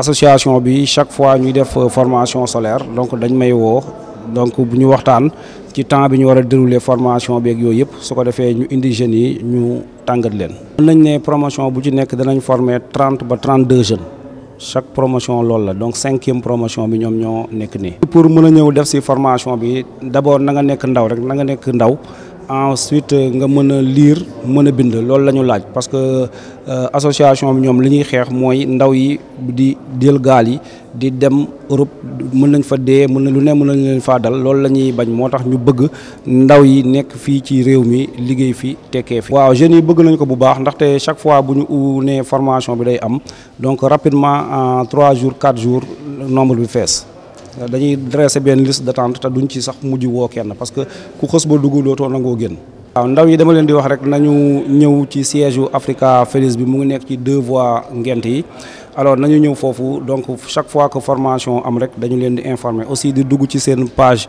association bi chaque fois ñuy def euh, formation solaire donc dañ may woo donc buñu ñu waxtaan ci temps bi ñu wara dérouler formation bi ak yooyu yëpp su ko ñu indi jeunes yi ñu tangat leen. mën nañ ne promotion bu ci nekk danañ former 30 ba 32 jeunes chaque promotion lool la donc 5e promotion bi ñom ñoo nek ni pour mëna a ñëw def ci formation bi d'abord na nga nek ndaw rek na nga nek ndaw ensuite euh, nga mën a lire mën a bind loolu la ñu laaj parce que euh, association bi ñoom li ñuy xeex mooy ndaw yi di jël gaal yi di dem Europe mën nañ fa dee mën na lu ne mën nañ leen faa dal loolu la ñuy bañ moo tax ñu bëgg ndaw yi nekk fii ci réew mi liggéey fi tekkee fi. waaw jeunes yi bëgg nañ ko bu baax ndaxte chaque fois bu ñu nee formation bi day am donc rapidement en 3 jours 4 jours nombre bi fees. dañuy dressé benn liste d'attente te duñ ci sax mujj woo kenn parce que ku xës ba dugg dootoo nangoo génn. waaw ndaw yi dama leen di wax rek nañu ñëw ci siège yu Africa Feliz bi mu ngi nekk ci deux voies ngent yi alors nañu ñëw foofu donc chaque fois que formation am rek dañu leen di informer aussi di dugg ci seen page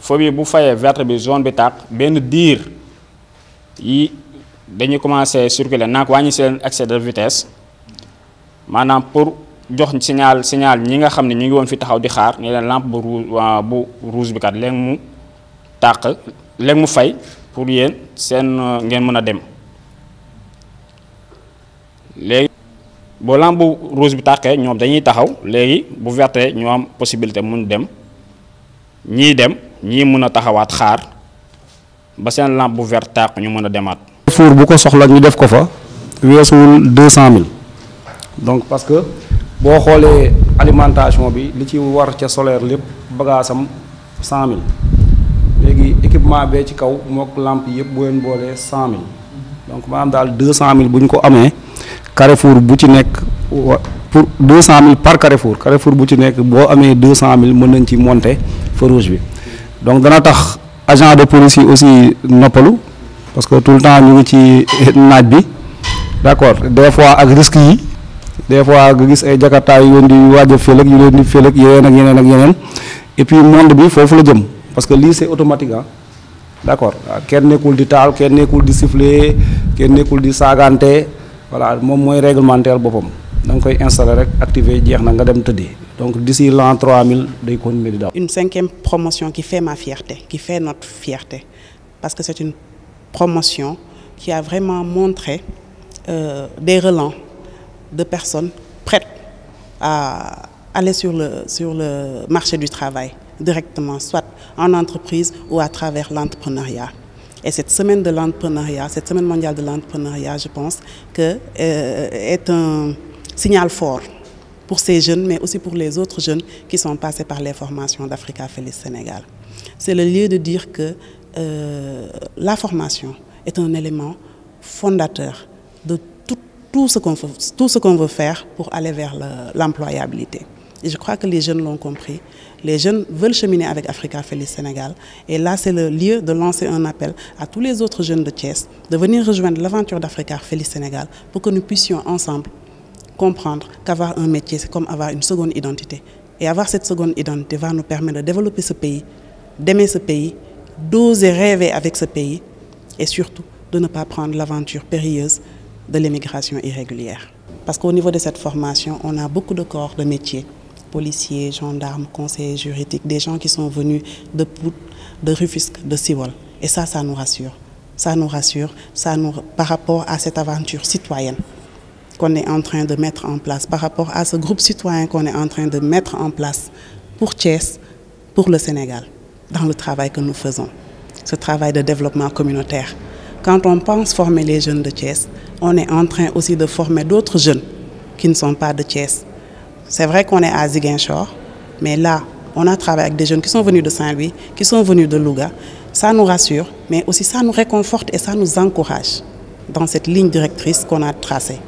feu bi bu fayee verte bi zone bi tàq benn diir yi dañuy commencé circuler naag wàññi seen excès de vitesse maanaam pour jox signal signal ñi nga xam ne ñu ngi woon fi taxaw di xaar ne leen lampe bu rouge bu rouge bi kat léegi mu tàq léegi mu fay pour yéen seen euh, ngeen mën a dem léegi boo lampe bu rose bi tàqee ñoom dañuy taxaw léegi bu verte ñu am possibilité mun dem ñii dem ñii mën a taxawaat xaar ba seen lampe bu vert tàq ñu mën a demaat. four bu ko soxla ñu def ko fa weesuwul deux cent mille donc parce que boo xoolee alimentation bi li ci war ca solaire lépp bagaasam cent mille léegi équipement bee ci kaw mook lampe yëpp boo leen boolee cent ba donc maanaam daal deux cent mille bu ñu ko amee Carrefour bu ci nekk wa pour deux cent mille par Carrefour Carrefour bu ci nekk boo amee deux cent mille mën nañ ci monter. feu rouge bi donc dana tax agent de police aussi noppalu parce que tout le temps ñu ngi ci naaj bi d'accord des fois ak risque yi des fois nga gis ay jakartaay yu leen di waaj a félag yu leen di félag yeneen ak yeneen ak yeneen et puis monde bi foofu la jëm parce que lii c'est automatique ah d'accord kenn nekkul di taal kenn nekkul di siffler kenn nekkul di saagante voilà moom mooy réglementaire boppam da nga koy installer rek activer jeex na nga dem tëddee. Donc d'ici l'an 3000, Une cinquième promotion qui fait ma fierté, qui fait notre fierté, parce que c'est une promotion qui a vraiment montré euh, des relents de personnes prêtes à aller sur le, sur le marché du travail directement, soit en entreprise ou à travers l'entrepreneuriat. Et cette semaine de l'entrepreneuriat, cette semaine mondiale de l'entrepreneuriat, je pense que euh, est un signal fort pour ces jeunes, mais aussi pour les autres jeunes qui sont passés par les formations d'Africa Félix Sénégal. C'est le lieu de dire que euh, la formation est un élément fondateur de tout, tout ce qu'on veut faire pour aller vers l'employabilité. et je crois que les jeunes l'ont compris. Les jeunes veulent cheminer avec Africa Félix Sénégal. Et là, c'est le lieu de lancer un appel à tous les autres jeunes de Thiès de venir rejoindre l'aventure d'Africa Félix Sénégal pour que nous puissions ensemble comprendre qu'avoir un métier, c'est comme avoir une seconde identité. Et avoir cette seconde identité va nous permettre de développer ce pays, d'aimer ce pays, d'oser rêver avec ce pays et surtout de ne pas prendre l'aventure périlleuse de l'immigration irrégulière. Parce qu'au niveau de cette formation, on a beaucoup de corps de métiers, policiers, gendarmes, conseillers juridiques, des gens qui sont venus de Pout, de Rufusque, de Siwol. Et ça, ça nous rassure. Ça nous rassure ça nous, par rapport à cette aventure citoyenne qu'on est en train de mettre en place, par rapport à ce groupe citoyen qu'on est en train de mettre en place pour Thiès, pour le Sénégal, dans le travail que nous faisons, ce travail de développement communautaire. Quand on pense former les jeunes de Thiès, on est en train aussi de former d'autres jeunes qui ne sont pas de Thiès. C'est vrai qu'on est à Ziguinchor, mais là, on a travaillé avec des jeunes qui sont venus de Saint-Louis, qui sont venus de Louga. Ça nous rassure, mais aussi ça nous réconforte et ça nous encourage dans cette ligne directrice qu'on a tracée.